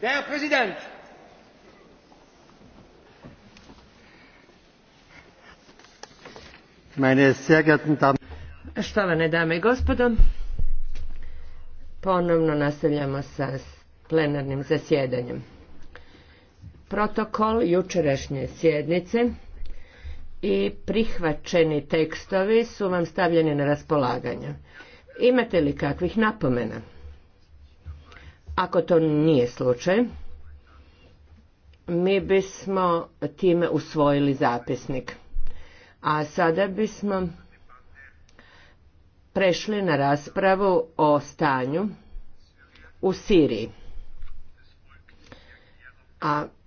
Der Präsident! Meine sehr geehrten Damen Štovane dame i gospodo, ponovno nastavljamo sa plenarnim zasjedanjem. Protokol jučerašnje sjednice i prihvaćeni tekstovi su vam stavljeni na raspolaganje. Imate li kakvih napomena? Ako to nije slučaj, mi bismo time usvojili zapisnik. A sada bismo prešli na raspravu o stanju u Siriji. A